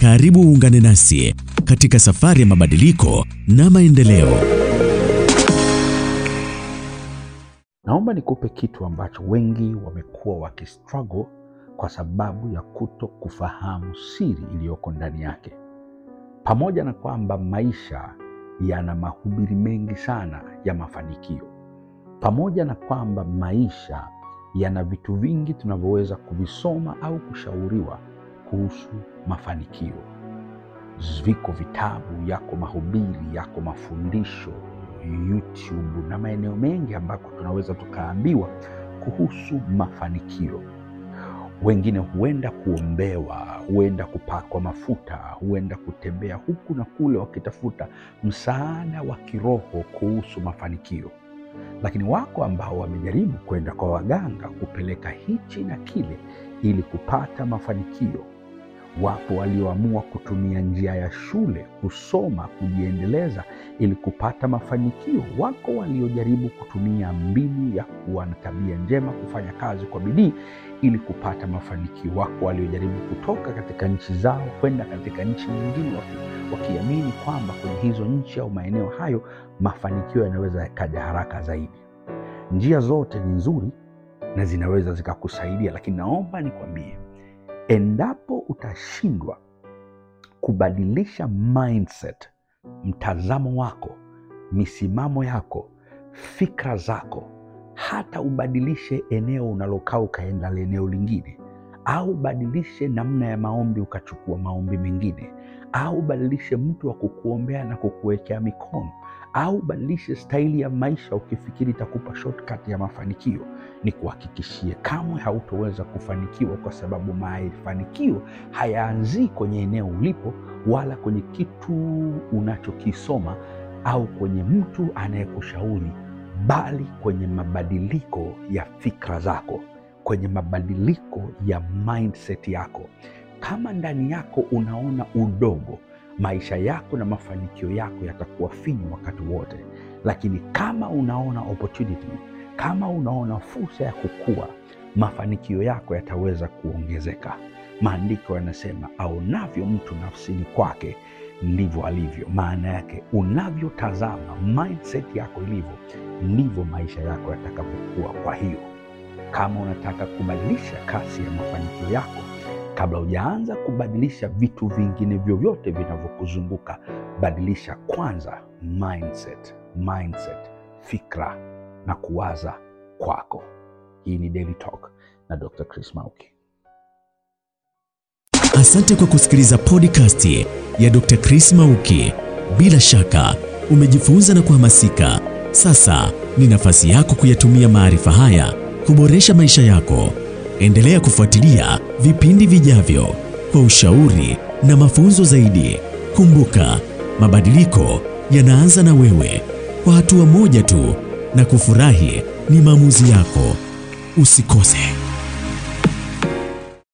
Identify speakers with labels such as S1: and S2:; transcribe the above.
S1: Karibu uungane nasi katika safari ya mabadiliko na maendeleo.
S2: Naomba nikupe kitu ambacho wengi wamekuwa wakistruggle kwa sababu ya kuto kufahamu siri iliyoko ndani yake. Pamoja na kwamba maisha yana mahubiri mengi sana ya mafanikio, pamoja na kwamba maisha yana vitu vingi tunavyoweza kuvisoma au kushauriwa kuhusu mafanikio. Viko vitabu, yako mahubiri, yako mafundisho YouTube na maeneo mengi ambako tunaweza tukaambiwa kuhusu mafanikio. Wengine huenda kuombewa, huenda kupakwa mafuta, huenda kutembea huku na kule wakitafuta msaada wa kiroho kuhusu mafanikio. Lakini wako ambao wamejaribu kwenda kwa waganga, kupeleka hichi na kile ili kupata mafanikio. Wapo walioamua kutumia njia ya shule, kusoma, kujiendeleza ili kupata mafanikio. Wako waliojaribu kutumia mbinu ya kuwa na tabia njema, kufanya kazi kwa bidii ili kupata mafanikio. Wako waliojaribu kutoka katika nchi zao kwenda katika nchi nyingine, wakiamini kwamba kwenye hizo nchi au maeneo hayo mafanikio yanaweza yakaja haraka zaidi. Njia zote ni nzuri na zinaweza zikakusaidia, lakini naomba nikwambie endapo utashindwa kubadilisha mindset, mtazamo wako, misimamo yako, fikra zako, hata ubadilishe eneo unalokaa ukaenda eneo lingine, au ubadilishe namna ya maombi ukachukua maombi mengine, au ubadilishe mtu wa kukuombea na kukuwekea mikono au badilishe staili ya maisha ukifikiri itakupa shortcut ya mafanikio, ni kuhakikishie kamwe hautoweza kufanikiwa, kwa sababu mafanikio hayaanzii kwenye eneo ulipo wala kwenye kitu unachokisoma au kwenye mtu anayekushauri, bali kwenye mabadiliko ya fikra zako, kwenye mabadiliko ya mindset yako. Kama ndani yako unaona udogo maisha yako na mafanikio yako yatakuwa finyu wakati wote. Lakini kama unaona opportunity, kama unaona fursa ya kukua, mafanikio yako yataweza kuongezeka. Maandiko yanasema aonavyo mtu nafsini kwake ndivyo alivyo. Maana yake unavyotazama mindset yako ilivyo, ndivyo maisha yako yatakavyokuwa. Kwa hiyo kama unataka kubadilisha kasi ya mafanikio yako Kabla hujaanza kubadilisha vitu vingine vyovyote vinavyokuzunguka, badilisha kwanza mindset, mindset, fikra na kuwaza kwako. Hii ni Daily Talk na Dr. Chris Mauki.
S1: Asante kwa kusikiliza podcast ya Dr. Chris Mauki. Bila shaka umejifunza na kuhamasika. Sasa ni nafasi yako kuyatumia maarifa haya kuboresha maisha yako. Endelea kufuatilia vipindi vijavyo kwa ushauri na mafunzo zaidi. Kumbuka, mabadiliko yanaanza na wewe, kwa hatua moja tu, na kufurahi ni maamuzi yako. Usikose.